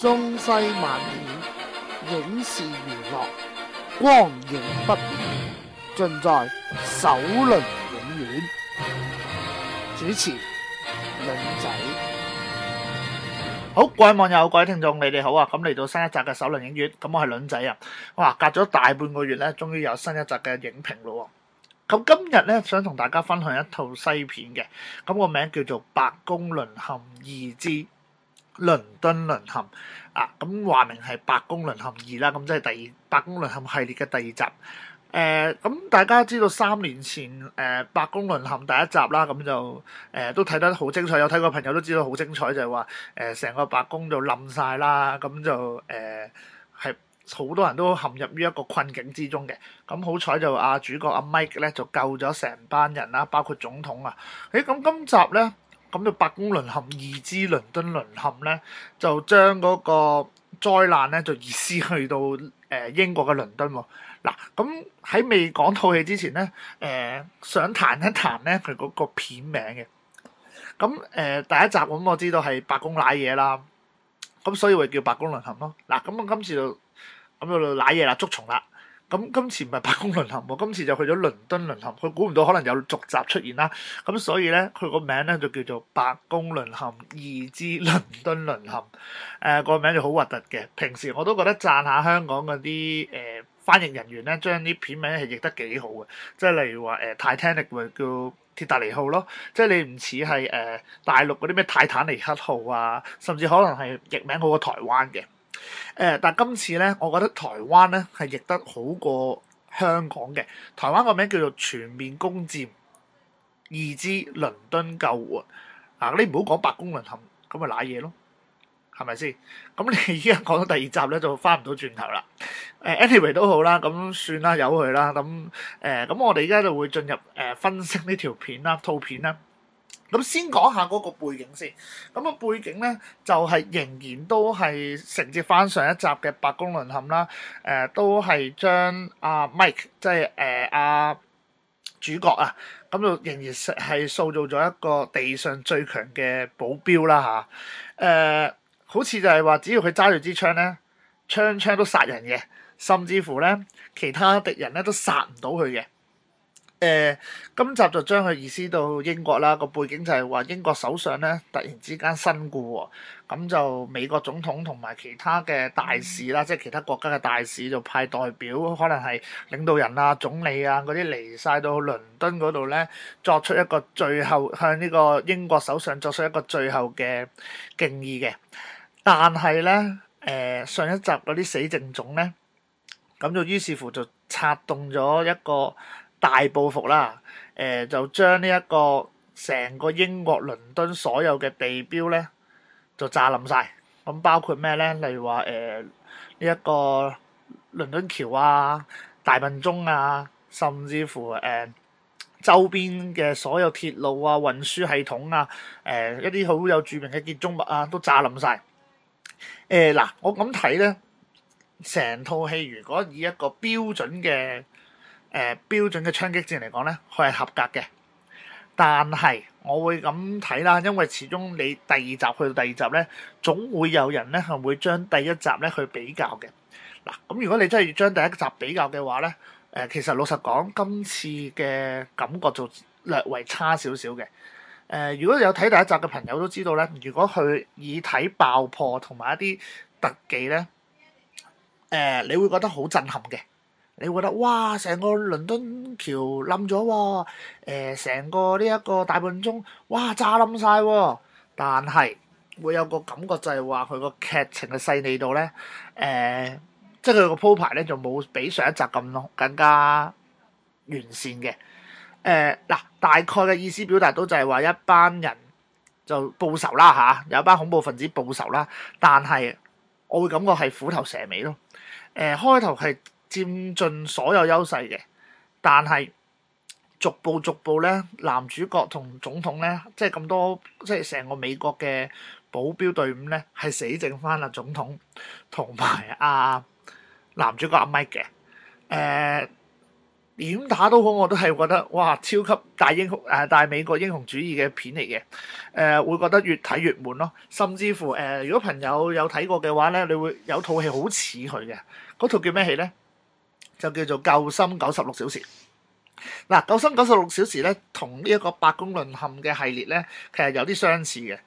中西漫片、影視娛樂、光影不變，盡在首倫映院。主持：倫仔。好，各位網友、各位聽眾，你哋好啊！咁嚟到新一集嘅首倫映院，咁我係倫仔啊！哇，隔咗大半個月咧，終於有新一集嘅影評咯！咁今日咧，想同大家分享一套西片嘅，咁個名叫做《白宮淪陷二之》。倫敦淪陷啊，咁話明係《白宮淪陷二》啦，咁即係第二《白宮淪陷》系列嘅第二集。誒、呃，咁大家知道三年前誒、呃《白宮淪陷》第一集啦，咁、嗯、就誒、呃、都睇得好精彩，有睇過朋友都知道好精彩，就係話誒成個白宮就冧晒啦，咁、嗯、就誒係好多人都陷入於一個困境之中嘅。咁、嗯、好彩就阿主角阿 Mike 咧就救咗成班人啦，包括總統啊。誒，咁、嗯、今集咧。咁就《白宮淪陷》二之《倫敦淪陷》咧，就將嗰個災難咧，就移師去到誒、呃、英國嘅倫敦喎。嗱，咁喺未講套戲之前咧，誒、呃、想談一談咧佢嗰個片名嘅。咁誒、呃、第一集咁、嗯、我知道係白宮瀨嘢啦，咁、嗯、所以會叫《白宮淪陷》咯。嗱、嗯，咁我今次就咁、嗯、就瀨嘢啦，捉蟲啦。咁、嗯、今次唔係白宮論壇喎，今次就去咗倫敦淪陷。佢估唔到可能有續集出現啦。咁、嗯、所以咧，佢個名咧就叫做《白宮淪陷二之倫敦淪陷》呃。誒個名就好核突嘅。平時我都覺得讚下香港嗰啲誒翻譯人員咧，將啲片名係譯得幾好嘅。即係例如話、呃、，Titanic，咪叫《鐵達尼號》咯。即、就、係、是、你唔似係誒大陸嗰啲咩《泰坦尼克號》啊，甚至可能係譯名好過台灣嘅。誒、呃，但今次咧，我覺得台灣咧係譯得好過香港嘅。台灣個名叫做全面攻佔，二倫敦救援。嗱、啊，你唔好講白宮淪陷，咁咪瀨嘢咯，係咪先？咁你依家講到第二集咧，就翻唔到轉頭啦。誒、呃、，anyway 都好啦，咁算啦，由佢啦。咁誒，咁、呃、我哋而家就會進入誒、呃、分析呢條片啦，套片啦。咁先講下嗰個背景先。咁、那、啊、個、背景咧就係、是、仍然都係承接翻上，上一集嘅《白宮淪陷》啦。誒、呃、都係將阿 Mike 即係誒阿主角啊，咁就仍然係塑造咗一個地上最強嘅保鏢啦嚇。誒、啊呃、好似就係話，只要佢揸住支槍咧，槍槍都殺人嘅，甚至乎咧其他敵人咧都殺唔到佢嘅。誒、呃，今集就將佢移師到英國啦。個背景就係話英國首相咧突然之間身故喎、哦，咁就美國總統同埋其他嘅大使啦，嗯、即係其他國家嘅大使就派代表，可能係領導人啊、總理啊嗰啲嚟晒到倫敦嗰度咧，作出一個最後向呢個英國首相作出一個最後嘅敬意嘅。但係咧，誒、呃、上一集嗰啲死政種咧，咁就於是乎就策動咗一個。大報復啦！誒，就將呢一個成個英國倫敦所有嘅地標咧，就炸冧曬咁，包括咩咧？例如話誒呢一個倫敦橋啊、大笨鐘啊，甚至乎誒周邊嘅所有鐵路啊、運輸系統啊、誒一啲好有著名嘅建築物啊，都炸冧曬誒嗱。我咁睇咧，成套戲如果以一個標準嘅誒、呃、標準嘅槍擊戰嚟講咧，佢係合格嘅。但係我會咁睇啦，因為始終你第二集去到第二集咧，總會有人咧係會將第一集咧去比較嘅。嗱，咁如果你真係要將第一集比較嘅話咧，誒、呃、其實老實講，今次嘅感覺就略為差少少嘅。誒、呃、如果有睇第一集嘅朋友都知道咧，如果佢以睇爆破同埋一啲特技咧，誒、呃、你會覺得好震撼嘅。你會覺得哇，成個倫敦橋冧咗喎，成、呃、個呢一個大半鐘，哇，炸冧晒喎。但係會有個感覺就係話，佢個劇情嘅細膩度咧，誒、呃，即係佢個鋪排咧，就冇比上一集咁咯，更加完善嘅。誒、呃，嗱、呃，大概嘅意思表達到就係話一班人就報仇啦嚇、啊，有班恐怖分子報仇啦。但係我會感覺係虎頭蛇尾咯。誒、呃，開頭係。佔盡所有優勢嘅，但係逐步逐步咧，男主角同總統咧，即係咁多，即係成個美國嘅保鏢隊伍咧，係死剩翻啦總統同埋啊男主角阿 Mike 嘅，誒、呃、點打都好，我都係覺得哇，超級大英雄誒、呃、大美國英雄主義嘅片嚟嘅。誒、呃、會覺得越睇越悶咯，甚至乎誒、呃、如果朋友有睇過嘅話咧，你會有套戲好似佢嘅，嗰套叫咩戲咧？就叫做救、啊《救參九十六小時》。嗱，《救參九十六小時》咧，同呢一個《白宮淪陷》嘅系列咧，其實有啲相似嘅。誒、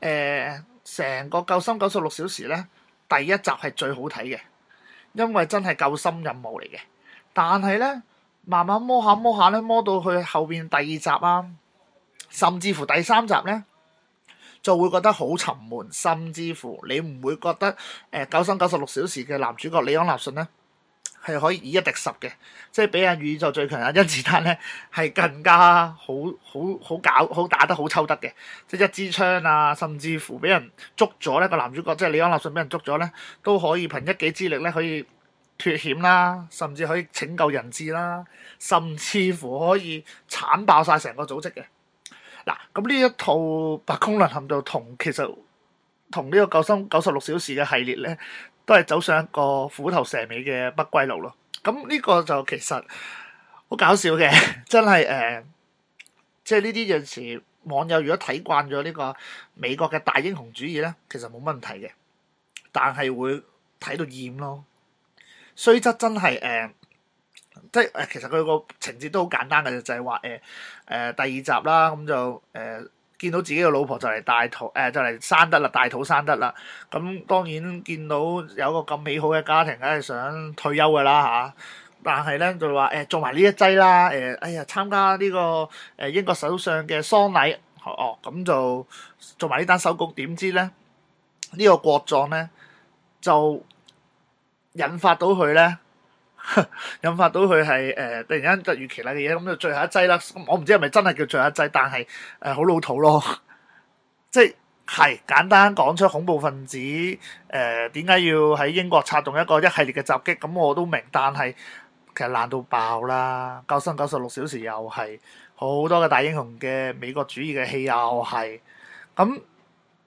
呃，成個《救參九十六小時》咧，第一集係最好睇嘅，因為真係救參任務嚟嘅。但係咧，慢慢摸下摸下咧，摸到去後邊第二集啊，甚至乎第三集咧，就會覺得好沉悶，甚至乎你唔會覺得誒、呃《救參九十六小時》嘅男主角李安納信咧。係可以以一敵十嘅，即係俾人宇宙最強啊甄子丹咧，係更加好好好搞好打得好抽得嘅，即係一支槍啊，甚至乎俾人捉咗咧、嗰個男主角，即係李安納遜俾人捉咗咧，都可以憑一己之力咧，可以脫險啦，甚至可以拯救人質啦，甚至乎可以鏟爆晒成個組織嘅。嗱，咁呢一套《白宮淪陷》就同其實同呢個《救參九十六小時》嘅系列咧。都係走上一個虎頭蛇尾嘅不歸路咯。咁呢個就其實好搞笑嘅，真係誒、呃，即係呢啲有時網友如果睇慣咗呢個美國嘅大英雄主義咧，其實冇問題嘅，但係會睇到厭咯。雖則真係誒、呃，即係誒、呃，其實佢個情節都好簡單嘅，就係話誒誒第二集啦，咁就誒。呃見到自己嘅老婆就嚟大肚，誒就嚟生得啦，大肚生得啦。咁當然見到有個咁美好嘅家庭，梗係想退休㗎啦嚇。但係咧就話誒、欸、做埋呢一劑啦，誒、欸、哎呀參加呢個誒英國首相嘅喪禮，哦咁就、哦嗯、做埋呢單收工。點知咧呢個國葬咧就引發到佢咧。引發到佢係誒突然間突如其來嘅嘢，咁就最後一劑啦。我唔知係咪真係叫最後一劑，但係誒好老土咯。 即係，係簡單講出恐怖分子誒點解要喺英國策動一個一系列嘅襲擊，咁我都明。但係其實爛到爆啦，《救參96小時》又係好多嘅大英雄嘅美國主義嘅戲，又係咁。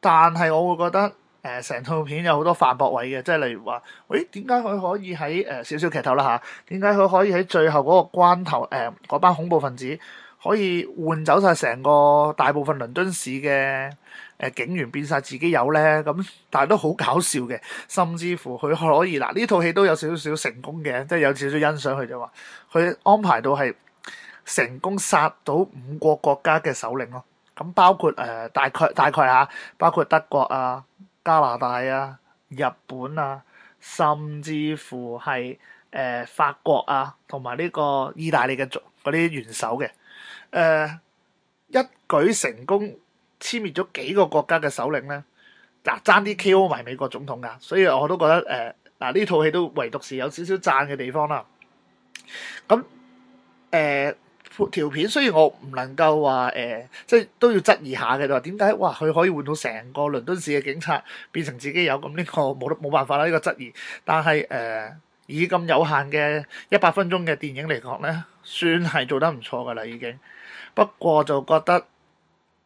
但係我會覺得。誒成套片有好多反駁位嘅，即係例如話，誒點解佢可以喺誒、呃、少少劇透啦嚇？點解佢可以喺最後嗰個關頭，嗰、呃、班恐怖分子可以換走晒成個大部分倫敦市嘅誒、呃、警員，變晒自己有咧？咁、嗯、但係都好搞笑嘅，甚至乎佢可以嗱呢套戲都有少少成功嘅，即係有少少欣賞佢就話，佢安排到係成功殺到五個國家嘅首領咯。咁、嗯、包括誒、呃、大概大概嚇、啊，包括德國啊。加拿大啊、日本啊，甚至乎係誒、呃、法國啊，同埋呢個意大利嘅嗰啲元首嘅誒、呃、一舉成功，殲滅咗幾個國家嘅首領咧。嗱、呃，爭啲 K.O. 埋美國總統噶，所以我都覺得誒嗱呢套戲都唯獨是有少少讚嘅地方啦。咁、嗯、誒。呃條片雖然我唔能夠話誒、呃，即係都要質疑下嘅，就話點解哇，佢可以換到成個倫敦市嘅警察變成自己有咁、這、呢個冇冇辦法啦，呢、這個質疑。但係誒、呃，以咁有限嘅一百分鐘嘅電影嚟講咧，算係做得唔錯噶啦，已經。不過就覺得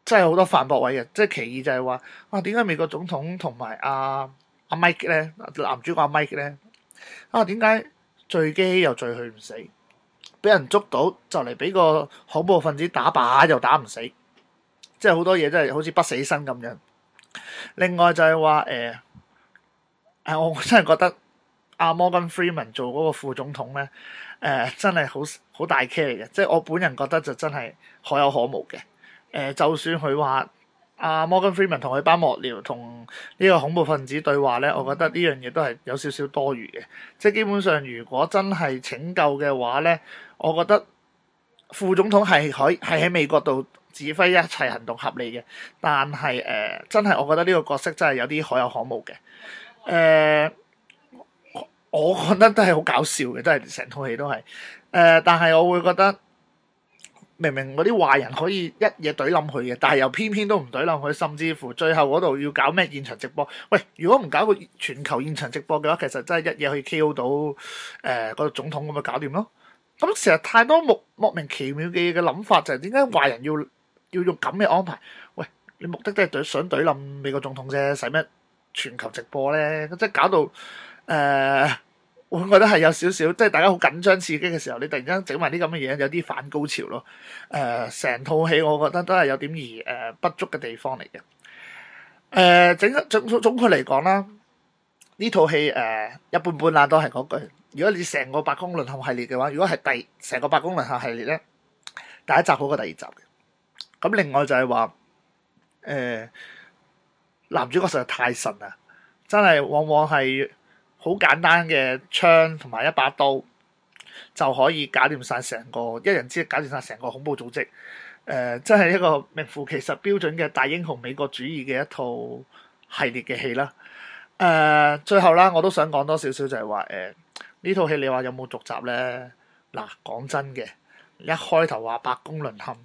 真係好多反駁位嘅，即係其二就係話啊，點解美國總統同埋阿阿 Mike 咧，男主角阿、啊、Mike 咧，啊點解墜機又墜去唔死？俾人捉到就嚟俾個恐怖分子打靶又打唔死，即係好多嘢真係好似不死身咁樣。另外就係話誒誒，我真係覺得阿摩根 Freeman 做嗰個副總統咧誒、呃，真係好好大 case 嘅。即係我本人覺得就真係可有可無嘅誒、呃，就算佢話。阿摩根弗曼同佢班幕僚同呢個恐怖分子對話咧，我覺得呢樣嘢都係有少少多餘嘅。即係基本上，如果真係拯救嘅話咧，我覺得副總統係可以喺美國度指揮一切行動合理嘅。但係誒、呃，真係我覺得呢個角色真係有啲可有可無嘅。誒、呃，我覺得都係好搞笑嘅，都係成套戲都係。誒、呃，但係我會覺得。明明嗰啲壞人可以一嘢懟冧佢嘅，但係又偏偏都唔懟冧佢，甚至乎最後嗰度要搞咩現場直播？喂，如果唔搞個全球現場直播嘅話，其實真係一嘢可以 KO 到誒、呃個總統咁咪搞掂咯。咁成日太多莫莫名其妙嘅嘢嘅諗法，就係點解壞人要要用咁嘅安排？喂，你目的都係想懟冧美國總統啫，使咩全球直播咧？即係搞到誒。呃我覺得係有少少，即係大家好緊張刺激嘅時候，你突然間整埋啲咁嘅嘢，有啲反高潮咯。誒、呃，成套戲我覺得都係有點而誒不足嘅地方嚟嘅。誒、呃，整總，總括嚟講啦，呢套戲誒、呃，一半半啦，都係嗰句。如果你成個白宮淪陷系列嘅話，如果係第成個白宮淪陷系列咧，第一集好過第二集嘅。咁另外就係話，誒、呃，男主角實在太神啦，真係往往係。好簡單嘅槍同埋一把刀就可以搞掂晒成個，一人之力搞掂晒成個恐怖組織。誒、呃，真係一個名副其實標準嘅大英雄美國主義嘅一套系列嘅戲啦。誒、呃，最後啦，我都想講多少少就係話誒，呢套戲你話有冇續集咧？嗱，講真嘅，一開頭話白宮淪陷，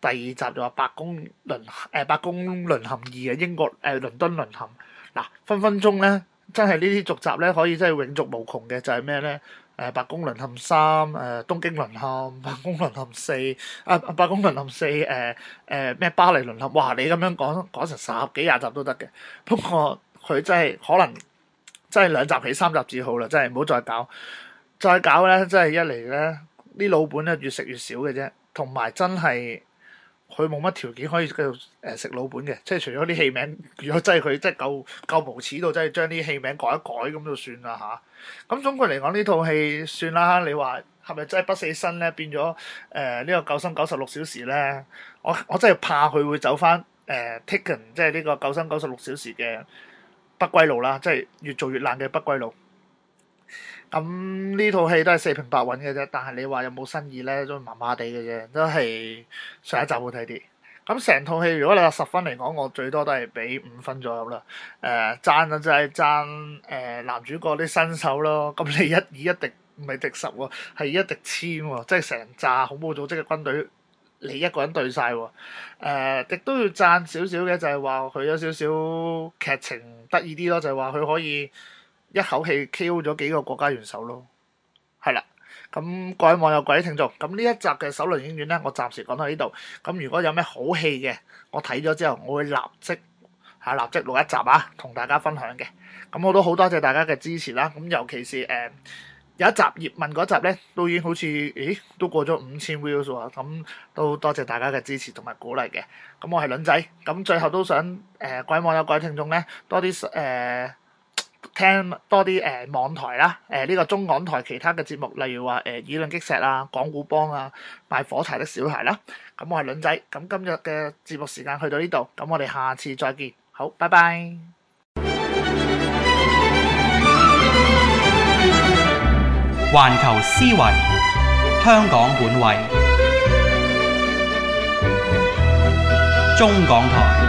第二集就話白宮淪誒白宮淪陷二嘅英國誒倫、呃、敦淪陷，嗱分分鐘咧。真係呢啲續集咧，可以真係永續無窮嘅，就係咩咧？誒、呃，白宮淪陷三，誒，東京淪陷，白宮淪陷四，啊，白宮淪陷四、呃，誒、呃，誒咩巴黎淪陷，哇！你咁樣講講成十幾廿集都得嘅。不過佢真係可能真係兩集起三集至好啦，真係唔好再搞，再搞咧，真係一嚟咧，啲老本咧越食越少嘅啫，同埋真係。佢冇乜條件可以繼續誒食老本嘅，即係除咗啲戲名，如果真係佢真係夠夠無恥到真係將啲戲名改一改咁就算啦吓，咁、啊、總括嚟講呢套戲算啦。你話係咪真係不死身咧？變咗誒呢個《救參九十六小時》咧？我我真係怕佢會走翻誒、呃、Taken 即係呢個《救參九十六小時》嘅不歸路啦，即係越做越爛嘅不歸路。咁呢套戲都係四平八穩嘅啫，但係你話有冇新意咧？都麻麻地嘅啫，都係上一集好睇啲。咁成套戲如果你話十分嚟講，我最多都係俾五分左右啦。誒、呃，讚就係讚誒男主角啲身手咯。咁你一以一敵唔係敵十喎、哦，係一敵千喎，即係成紮恐怖組織嘅軍隊，你一個人對晒喎、哦。誒、呃，亦都要讚少少嘅就係話佢有少少劇情得意啲咯，就係話佢可以。一口氣 KO 咗幾個國家元首咯，係啦，咁各位網友、各位聽眾，咁呢一集嘅首倫映院咧，我暫時講到呢度。咁如果有咩好戲嘅，我睇咗之後，我會立即吓、啊、立即錄一集啊，同大家分享嘅。咁我都好多謝大家嘅支持啦。咁尤其是誒、呃、有一集葉問嗰集咧，都已經好似咦都過咗五千 views 喎。咁都多謝大家嘅支持同埋鼓勵嘅。咁我係倫仔，咁最後都想誒、呃，各位網友、各位聽眾咧，多啲誒。呃聽多啲誒網台啦，誒呢個中港台其他嘅節目，例如話誒《議論擊石》啊，《港股幫》啊，《賣火柴的小孩》啦。咁我係倫仔，咁今日嘅節目時間去到呢度，咁我哋下次再見。好，拜拜。環球思維，香港本位，中港台。